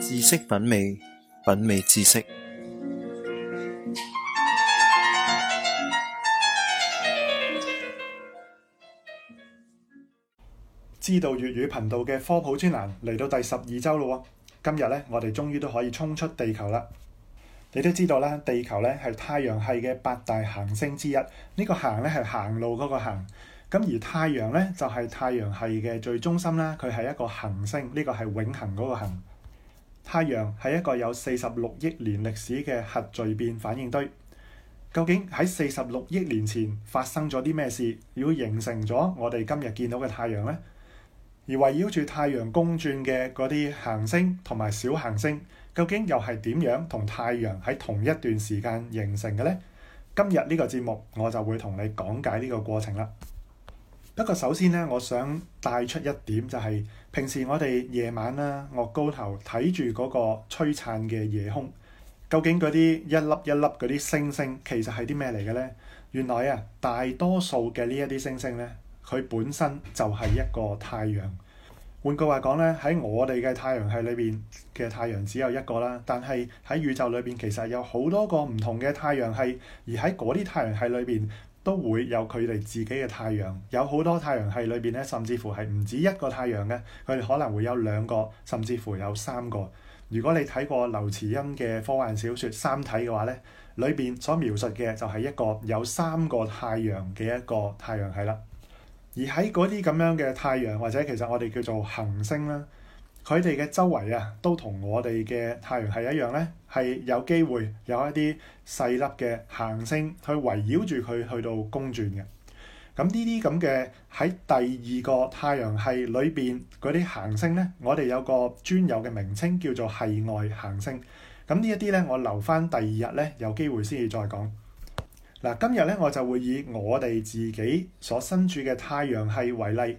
知識品味，品味知識。知道粵語頻道嘅科普專欄嚟到第十二周啦，今日呢，我哋終於都可以衝出地球啦！你都知道啦，地球呢係太陽系嘅八大行星之一，呢個行呢係行路嗰個行。咁而太陽咧就係，是，太陽系嘅最中心啦。佢係一個恆星，呢個係永恆嗰個恆。太陽係一個有四十六億年歷史嘅核聚變反應堆。究竟喺四十六億年前發生咗啲咩事，要形成咗我哋今日見到嘅太陽呢？而圍繞住太陽公轉嘅嗰啲行星同埋小行星，究竟又係點樣同太陽喺同一段時間形成嘅呢？今日呢個節目我就會同你講解呢個過程啦。不過首先咧，我想帶出一點就係，平時我哋夜晚啦，我高頭睇住嗰個璀璨嘅夜空，究竟嗰啲一粒一粒嗰啲星星，其實係啲咩嚟嘅呢？原來啊，大多數嘅呢一啲星星呢，佢本身就係一個太陽。換句話講呢，喺我哋嘅太陽系裏邊其實太陽只有一個啦，但係喺宇宙裏邊其實有好多個唔同嘅太陽系，而喺嗰啲太陽系裏邊，都會有佢哋自己嘅太陽，有好多太陽系裏邊咧，甚至乎係唔止一個太陽嘅，佢哋可能會有兩個甚至乎有三個。如果你睇過劉慈欣嘅科幻小說《三體》嘅話咧，裏邊所描述嘅就係一個有三個太陽嘅一個太陽系啦。而喺嗰啲咁樣嘅太陽，或者其實我哋叫做恆星啦。佢哋嘅周圍啊，都同我哋嘅太陽系一樣咧，係有機會有一啲細粒嘅行星去圍繞住佢去到公轉嘅。咁呢啲咁嘅喺第二個太陽系裏邊嗰啲行星咧，我哋有個專有嘅名稱叫做係外行星。咁呢一啲咧，我留翻第二日咧有機會先至再講。嗱，今日咧我就會以我哋自己所身處嘅太陽系為例。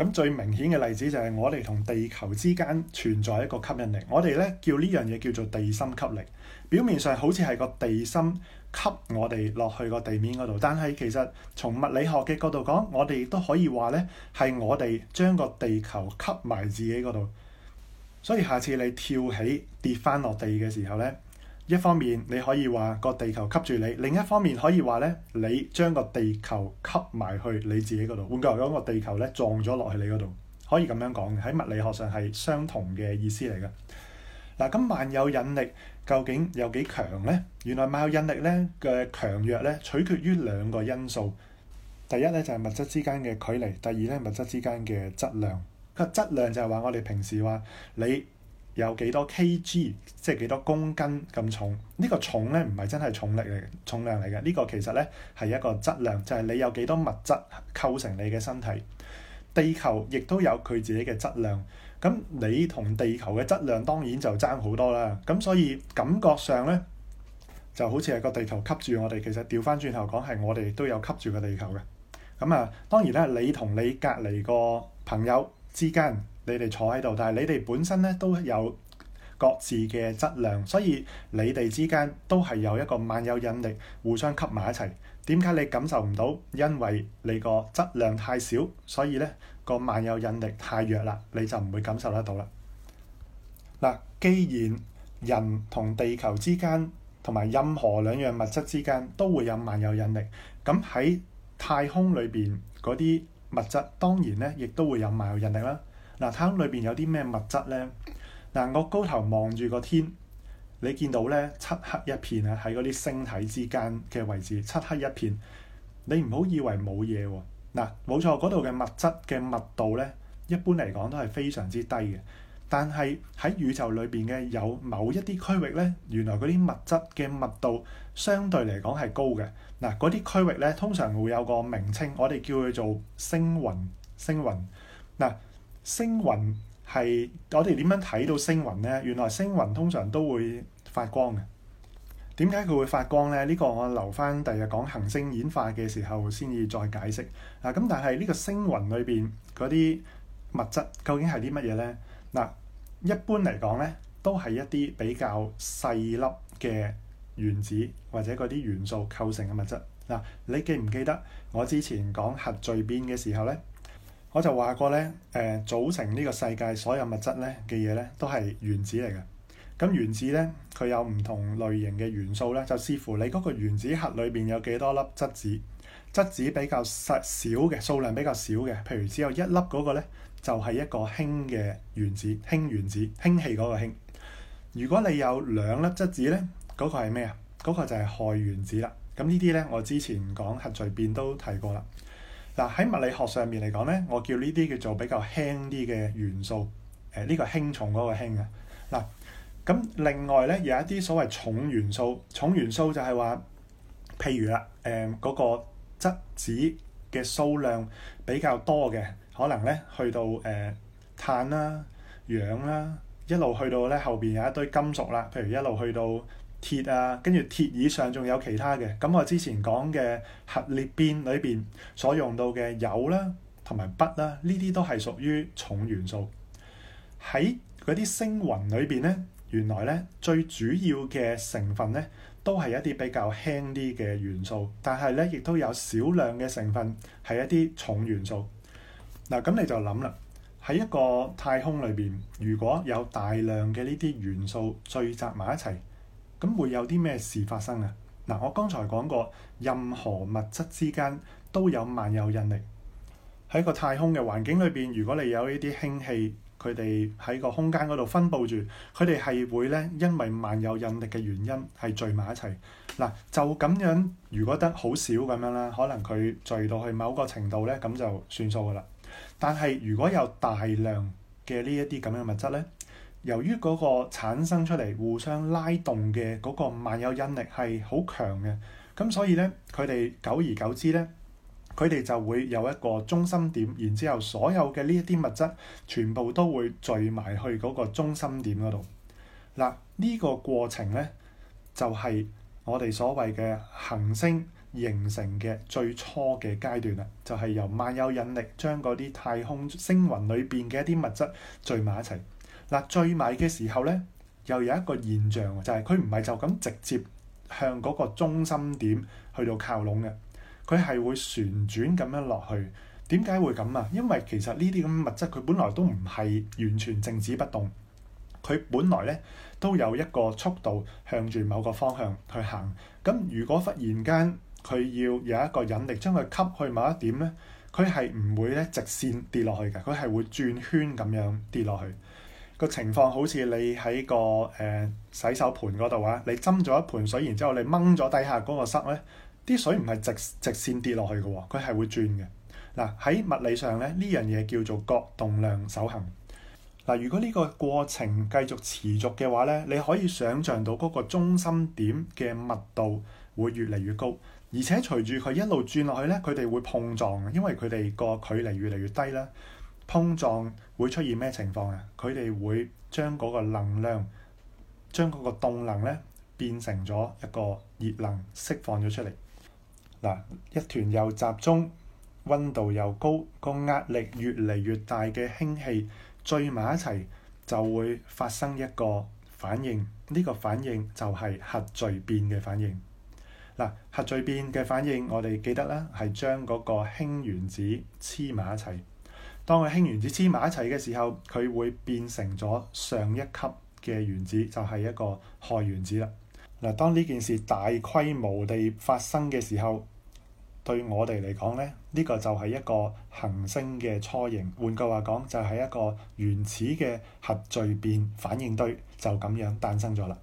咁最明顯嘅例子就係我哋同地球之間存在一個吸引力，我哋咧叫呢樣嘢叫做地心吸力。表面上好似係個地心吸我哋落去個地面嗰度，但係其實從物理學嘅角度講，我哋亦都可以話咧係我哋將個地球吸埋自己嗰度。所以下次你跳起跌返落地嘅時候咧，一方面你可以話個地球吸住你，另一方面可以話咧你將個地球吸埋去你自己嗰度。換句話講，個地球咧撞咗落去你嗰度，可以咁樣講嘅，喺物理學上係相同嘅意思嚟嘅。嗱，咁萬有引力究竟有幾強呢？原來萬有引力咧嘅強弱咧取決於兩個因素。第一咧就係物質之間嘅距離，第二咧物質之間嘅質量。個質量就係話我哋平時話你。有幾多 kg，即係幾多公斤咁重？呢個重咧唔係真係重力嚟嘅，重量嚟嘅。呢個其實咧係一個質量，就係你有幾多物質構成你嘅身體。地球亦都有佢自己嘅質量。咁你同地球嘅質量當然就爭好多啦。咁所以感覺上咧就好似係個地球吸住我哋，其實調翻轉頭講係我哋都有吸住個地球嘅。咁啊，當然咧你同你隔離個朋友之間，你哋坐喺度，但係你哋本身咧都有各自嘅質量，所以你哋之間都係有一個萬有引力互相吸埋一齊。點解你感受唔到？因為你個質量太少，所以咧個萬有引力太弱啦，你就唔會感受得到啦。嗱、啊，既然人同地球之間，同埋任何兩樣物質之間都會有萬有引力，咁喺太空裏邊嗰啲物質當然咧亦都會有萬有引力啦。嗱，太空裏邊有啲咩物質呢？嗱、啊，我高頭望住個天，你見到呢漆黑一片啊！喺嗰啲星體之間嘅位置，漆黑一片。你唔好以為冇嘢喎。嗱、啊，冇錯，嗰度嘅物質嘅密度呢，一般嚟講都係非常之低嘅。但係喺宇宙裏邊嘅有某一啲區域呢，原來嗰啲物質嘅密度相對嚟講係高嘅。嗱、啊，嗰啲區域呢，通常會有個名稱，我哋叫佢做星雲。星雲。嗱、啊星雲係，我哋點樣睇到星雲呢？原來星雲通常都會發光嘅。點解佢會發光呢？呢、這個我留翻第日講行星演化嘅時候先至再解釋。嗱、啊，咁但係呢個星雲裏邊嗰啲物質究竟係啲乜嘢呢？嗱、啊，一般嚟講呢，都係一啲比較細粒嘅原子或者嗰啲元素構成嘅物質。嗱、啊，你記唔記得我之前講核聚變嘅時候呢？我就話過咧，誒、呃，組成呢個世界所有物質咧嘅嘢咧，都係原子嚟嘅。咁原子咧，佢有唔同類型嘅元素咧，就視乎你嗰個原子核裏邊有幾多粒質子。質子比較細少嘅，數量比較少嘅，譬如只有一粒嗰個咧，就係、是、一個氫嘅原子，氫原子，氫氣嗰個氫。如果你有兩粒質子咧，嗰、那個係咩啊？嗰、那個就係氦原子啦。咁呢啲咧，我之前講核聚變都提過啦。嗱，喺物理學上面嚟講咧，我叫呢啲叫做比較輕啲嘅元素，誒呢個輕重嗰個輕啊。嗱，咁另外咧，有一啲所謂重元素，重元素就係話，譬如啦，誒嗰個質子嘅數量比較多嘅，可能咧去到誒碳啦、氧啦，一路去到咧後邊有一堆金屬啦，譬如一路去到。鐵啊，跟住鐵以上仲有其他嘅。咁我之前講嘅核裂變裏邊所用到嘅鈾啦，同埋鈈啦，呢啲都係屬於重元素。喺嗰啲星雲裏邊呢，原來呢最主要嘅成分呢，都係一啲比較輕啲嘅元素，但係呢亦都有少量嘅成分係一啲重元素。嗱咁你就諗啦，喺一個太空裏邊，如果有大量嘅呢啲元素聚集埋一齊。咁會有啲咩事發生啊？嗱，我剛才講過，任何物質之間都有萬有引力。喺個太空嘅環境裏邊，如果你有呢啲氫氣，佢哋喺個空間嗰度分布住，佢哋係會咧，因為萬有引力嘅原因係聚埋一齊。嗱，就咁樣，如果得好少咁樣啦，可能佢聚到去某個程度咧，咁就算數噶啦。但係如果有大量嘅呢一啲咁樣嘅物質咧？由於嗰個產生出嚟互相拉動嘅嗰個萬有引力係好強嘅，咁所以咧，佢哋久而久之咧，佢哋就會有一個中心點，然之後所有嘅呢一啲物質全部都會聚埋去嗰個中心點嗰度。嗱，呢、這個過程咧就係、是、我哋所謂嘅恆星形成嘅最初嘅階段啦，就係、是、由萬有引力將嗰啲太空星雲裏邊嘅一啲物質聚埋一齊。嗱，聚埋嘅時候咧，又有一個現象，就係佢唔係就咁直接向嗰個中心點去到靠攏嘅，佢係會旋轉咁樣落去。點解會咁啊？因為其實呢啲咁嘅物質，佢本來都唔係完全靜止不動，佢本來咧都有一個速度向住某個方向去行。咁如果忽然間佢要有一個引力將佢吸去某一點咧，佢係唔會咧直線跌落去嘅，佢係會轉圈咁樣跌落去。個情況好似你喺個誒、呃、洗手盤嗰度啊，你斟咗一盤水，然之後你掹咗底下嗰個塞咧，啲水唔係直直線跌落去嘅喎，佢係會轉嘅。嗱，喺物理上咧，呢樣嘢叫做角動量守恒。嗱，如果呢個過程繼續持續嘅話咧，你可以想像到嗰個中心點嘅密度會越嚟越高，而且隨住佢一路轉落去咧，佢哋會碰撞，因為佢哋個距離越嚟越低啦。碰撞會出現咩情況啊？佢哋會將嗰個能量、將嗰個動能咧，變成咗一個熱能釋放咗出嚟。嗱，一團又集中、溫度又高、個壓力越嚟越大嘅氫氣聚埋一齊，就會發生一個反應，呢個反應就係核聚變嘅反應嗱。核聚變嘅反應我哋記得啦，係將嗰個氫原子黐埋一齊。當佢氫原子黐埋一齊嘅時候，佢會變成咗上一級嘅原子，就係、是、一個氦原子啦。嗱，當呢件事大規模地發生嘅時候，對我哋嚟講咧，呢、這個就係一個恆星嘅雛形。換句話講，就係、是、一個原始嘅核聚變反應堆，就咁樣誕生咗啦。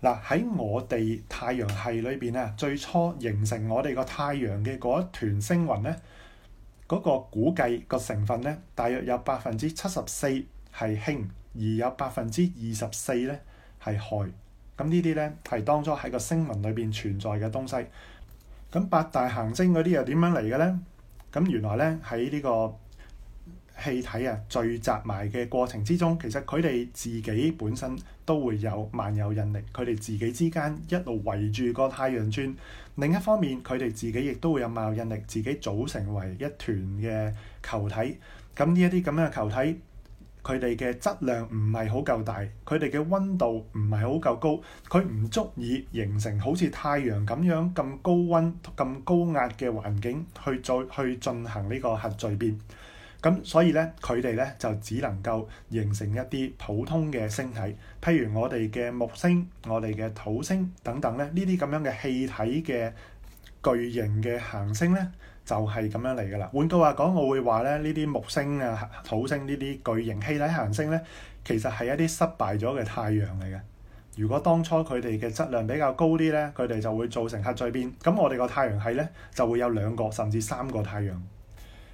嗱，喺我哋太陽系裏邊啊，最初形成我哋個太陽嘅嗰一團星雲咧。嗰個估計個成分咧，大約有百分之七十四係氫，而有百分之二十四咧係氦。咁呢啲咧係當初喺個星雲裏邊存在嘅東西。咁八大行星嗰啲又點樣嚟嘅咧？咁原來咧喺呢個氣體啊聚集埋嘅過程之中，其實佢哋自己本身，都會有萬有引力，佢哋自己之間一路圍住個太陽轉。另一方面，佢哋自己亦都會有萬有引力，自己組成為一團嘅球體。咁呢一啲咁樣嘅球體，佢哋嘅質量唔係好夠大，佢哋嘅溫度唔係好夠高，佢唔足以形成好似太陽咁樣咁高溫、咁高壓嘅環境去再去進行呢個核聚變。咁所以咧，佢哋咧就只能夠形成一啲普通嘅星體，譬如我哋嘅木星、我哋嘅土星等等咧，呢啲咁樣嘅氣體嘅巨型嘅行星咧，就係咁樣嚟噶啦。換句話講，我會話咧，呢啲木星啊、土星呢啲巨型氣體行星咧，其實係一啲失敗咗嘅太陽嚟嘅。如果當初佢哋嘅質量比較高啲咧，佢哋就會造成核聚變。咁我哋個太陽系咧就會有兩個甚至三個太陽。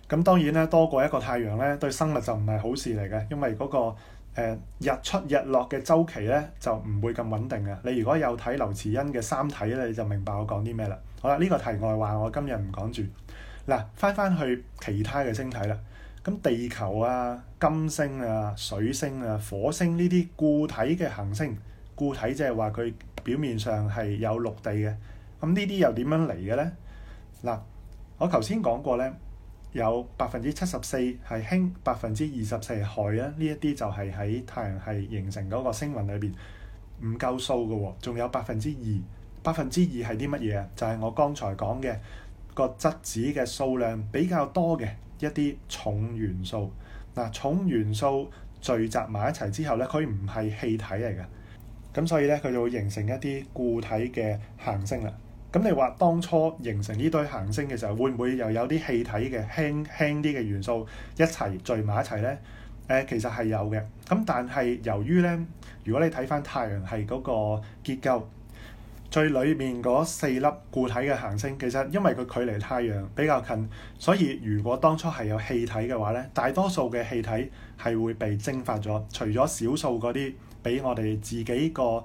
咁當然咧，多過一個太陽咧，對生物就唔係好事嚟嘅，因為嗰個誒日出日落嘅週期咧就唔會咁穩定嘅。你如果有睇劉慈欣嘅《三體》咧，你就明白我講啲咩啦。好啦，呢個題外話，我今日唔講住。嗱，翻翻去其他嘅星體啦。咁地球啊、金星啊、水星啊、火星呢啲固體嘅行星，固體即係話佢表面上係有陸地嘅。咁呢啲又點樣嚟嘅咧？嗱，我頭先講過咧。有百分之七十四係氫，百分之二十四係氦啊。呢一啲就係喺太陽系形成嗰個星雲裏邊唔夠數嘅喎，仲有百分之二，百分之二係啲乜嘢啊？就係、是、我剛才講嘅、那個質子嘅數量比較多嘅一啲重元素。嗱，重元素聚集埋一齊之後咧，佢唔係氣體嚟嘅，咁所以咧佢就會形成一啲固體嘅行星啦。咁你話當初形成呢堆行星嘅時候，會唔會又有啲氣體嘅輕輕啲嘅元素一齊聚埋一齊呢？誒、呃，其實係有嘅。咁但係由於呢，如果你睇翻太陽系嗰個結構，最裏面嗰四粒固體嘅行星，其實因為佢距離太陽比較近，所以如果當初係有氣體嘅話呢，大多數嘅氣體係會被蒸發咗，除咗少數嗰啲俾我哋自己個。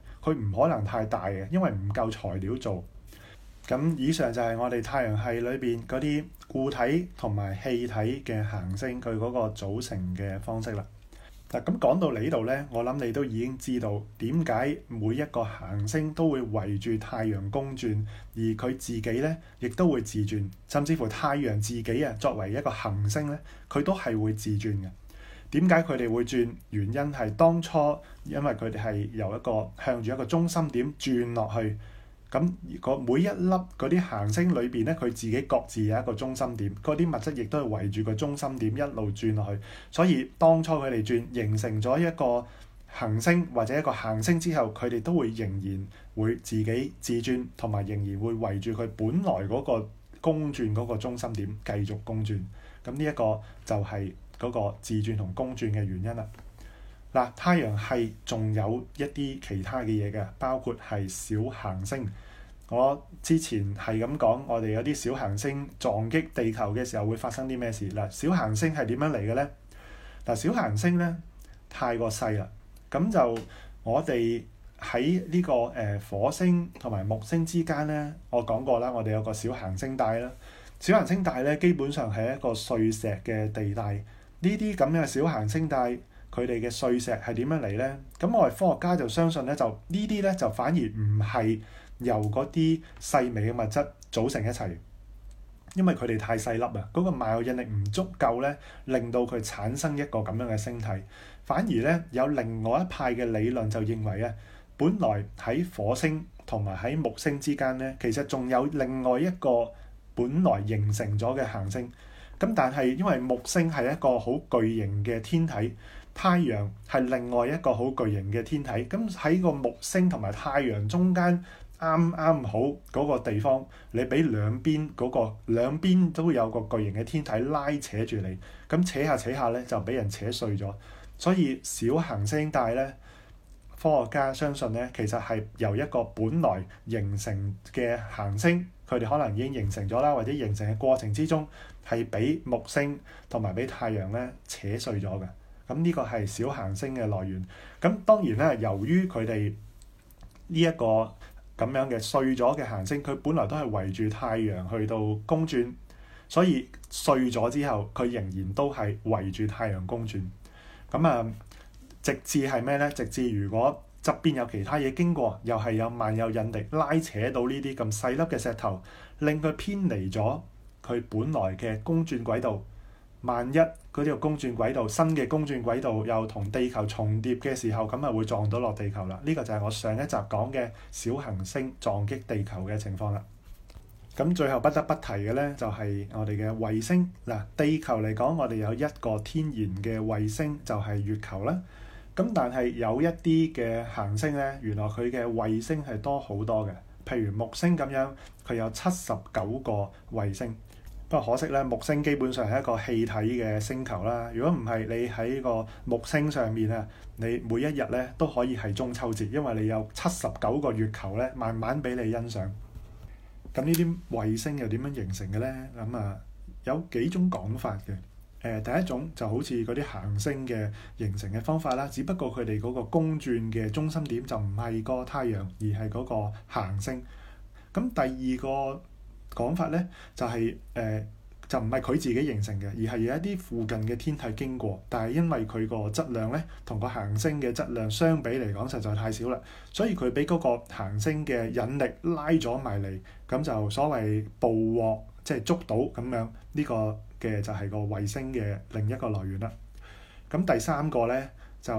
佢唔可能太大嘅，因為唔夠材料做。咁以上就係我哋太陽系裏邊嗰啲固體同埋氣體嘅行星，佢嗰個組成嘅方式啦。嗱，咁講到你呢度呢，我諗你都已經知道點解每一個行星都會圍住太陽公轉，而佢自己呢亦都會自轉，甚至乎太陽自己啊作為一個行星呢，佢都係會自轉嘅。點解佢哋會轉？原因係當初因為佢哋係由一個向住一個中心點轉落去，咁個每一粒嗰啲行星裏邊咧，佢自己各自有一個中心點，嗰啲物質亦都係圍住個中心點一路轉落去。所以當初佢哋轉形成咗一個行星或者一個行星之後，佢哋都會仍然會自己自轉，同埋仍然會圍住佢本來嗰個公轉嗰個中心點繼續公轉。咁呢一個就係、是。嗰個自轉同公轉嘅原因啦。嗱，太陽系仲有一啲其他嘅嘢嘅，包括係小行星。我之前係咁講，我哋有啲小行星撞擊地球嘅時候會發生啲咩事？嗱，小行星係點樣嚟嘅咧？嗱，小行星咧，太過細啦，咁就我哋喺呢個誒火星同埋木星之間咧，我講過啦，我哋有個小行星帶啦。小行星帶咧，基本上係一個碎石嘅地帶。呢啲咁樣嘅小行星帶，佢哋嘅碎石係點樣嚟呢？咁我哋科學家就相信咧，就呢啲咧就反而唔係由嗰啲細微嘅物質組成一齊，因為佢哋太細粒喇，嗰個萬有引力唔足夠咧，令到佢產生一個咁樣嘅星體。反而咧，有另外一派嘅理論就認為咧，本來喺火星同埋喺木星之間咧，其實仲有另外一個本來形成咗嘅行星。咁但係因為木星係一個好巨型嘅天體，太陽係另外一個好巨型嘅天體。咁喺個木星同埋太陽中間啱啱好嗰個地方，你俾兩邊嗰個，兩邊都有個巨型嘅天體拉扯住你，咁扯下扯下咧，就俾人扯碎咗。所以小行星帶咧，科學家相信咧，其實係由一個本來形成嘅行星，佢哋可能已經形成咗啦，或者形成嘅過程之中。係俾木星同埋俾太陽咧扯碎咗嘅，咁呢個係小行星嘅來源。咁當然咧，由於佢哋呢一個咁樣嘅碎咗嘅行星，佢本來都係圍住太陽去到公轉，所以碎咗之後，佢仍然都係圍住太陽公轉。咁、嗯、啊，直至係咩咧？直至如果側邊有其他嘢經過，又係有萬有引力拉扯到呢啲咁細粒嘅石頭，令佢偏離咗佢本來嘅公轉軌道，萬一嗰啲公轉軌道，新嘅公轉軌道又同地球重疊嘅時候，咁啊會撞到落地球啦。呢個就係我上一集講嘅小行星撞擊地球嘅情況啦。咁最後不得不提嘅呢，就係我哋嘅衛星嗱。地球嚟講，我哋有一個天然嘅衛星就係月球啦。咁但係有一啲嘅行星呢，原來佢嘅衛星係多好多嘅，譬如木星咁樣，佢有七十九個衛星。不過可惜咧，木星基本上係一個氣體嘅星球啦。如果唔係，你喺個木星上面啊，你每一日咧都可以係中秋節，因為你有七十九個月球咧，慢慢俾你欣賞。咁呢啲衛星又點樣形成嘅呢？咁啊，有幾種講法嘅。誒，第一種就好似嗰啲行星嘅形成嘅方法啦，只不過佢哋嗰個公轉嘅中心點就唔係個太陽，而係嗰個行星。咁第二個講法咧就係誒，就唔係佢自己形成嘅，而係有一啲附近嘅天體經過，但係因為佢個質量咧同個行星嘅質量相比嚟講實在太少啦，所以佢俾嗰個行星嘅引力拉咗埋嚟，咁就所謂捕獲即係捉到咁樣呢、這個嘅就係個衛星嘅另一個來源啦。咁第三個咧就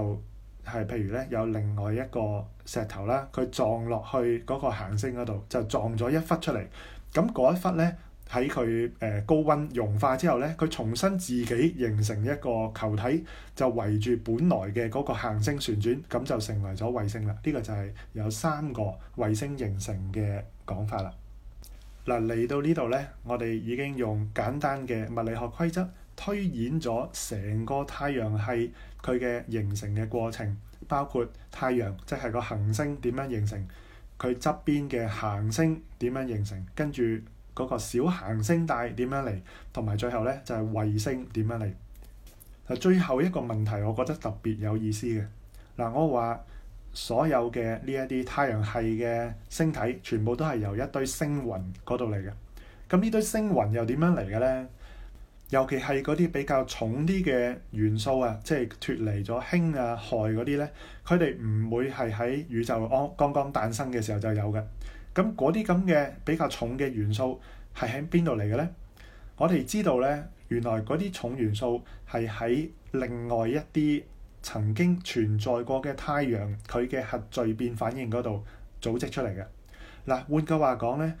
係、是、譬如咧有另外一個石頭啦，佢撞落去嗰個行星嗰度就撞咗一忽出嚟。咁嗰一忽咧，喺佢誒高溫融化之後咧，佢重新自己形成一個球體，就圍住本來嘅嗰個行星旋轉，咁就成為咗衛星啦。呢個就係有三個衛星形成嘅講法啦。嗱，嚟到呢度咧，我哋已經用簡單嘅物理學規則推演咗成個太陽系佢嘅形成嘅過程，包括太陽即係個行星點樣形成。佢側邊嘅行星點樣形成？跟住嗰個小行星帶點樣嚟？同埋最後咧就係衛星點樣嚟？嗱，最後一個問題，我覺得特別有意思嘅。嗱，我話所有嘅呢一啲太陽系嘅星體，全部都係由一堆星雲嗰度嚟嘅。咁呢堆星雲又點樣嚟嘅咧？尤其係嗰啲比較重啲嘅元素啊，即係脫離咗氫啊、氦嗰啲咧，佢哋唔會係喺宇宙安剛剛誕生嘅時候就有嘅。咁嗰啲咁嘅比較重嘅元素係喺邊度嚟嘅咧？我哋知道咧，原來嗰啲重元素係喺另外一啲曾經存在過嘅太陽佢嘅核聚變反應嗰度組織出嚟嘅。嗱，換句話講咧，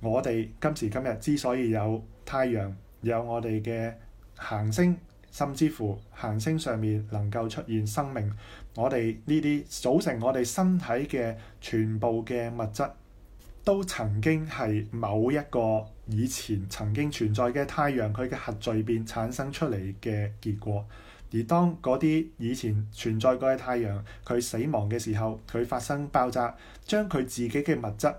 我哋今時今日之所以有太陽，有我哋嘅行星，甚至乎行星上面能夠出現生命，我哋呢啲組成我哋身體嘅全部嘅物質，都曾經係某一個以前曾經存在嘅太陽佢嘅核聚變產生出嚟嘅結果。而當嗰啲以前存在過嘅太陽，佢死亡嘅時候，佢發生爆炸，將佢自己嘅物質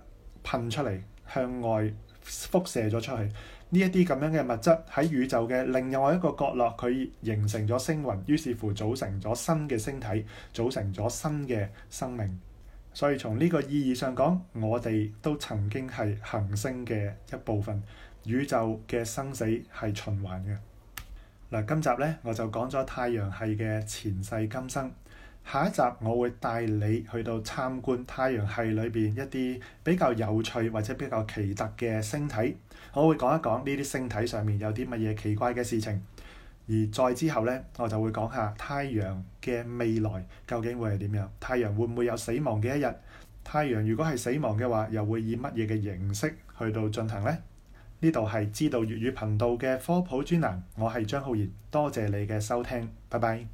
噴出嚟，向外輻射咗出去。呢一啲咁樣嘅物質喺宇宙嘅另外一個角落，佢形成咗星雲，於是乎組成咗新嘅星體，組成咗新嘅生命。所以從呢個意義上講，我哋都曾經係恆星嘅一部分。宇宙嘅生死係循環嘅。嗱，今集呢，我就講咗太陽系嘅前世今生。下一集我會帶你去到參觀太陽系裏邊一啲比較有趣或者比較奇特嘅星體，我會講一講呢啲星體上面有啲乜嘢奇怪嘅事情。而再之後呢，我就會講下太陽嘅未來究竟會係點樣？太陽會唔會有死亡嘅一日？太陽如果係死亡嘅話，又會以乜嘢嘅形式去到進行呢？呢度係知道粵語頻道嘅科普專欄，我係張浩然，多謝你嘅收聽，拜拜。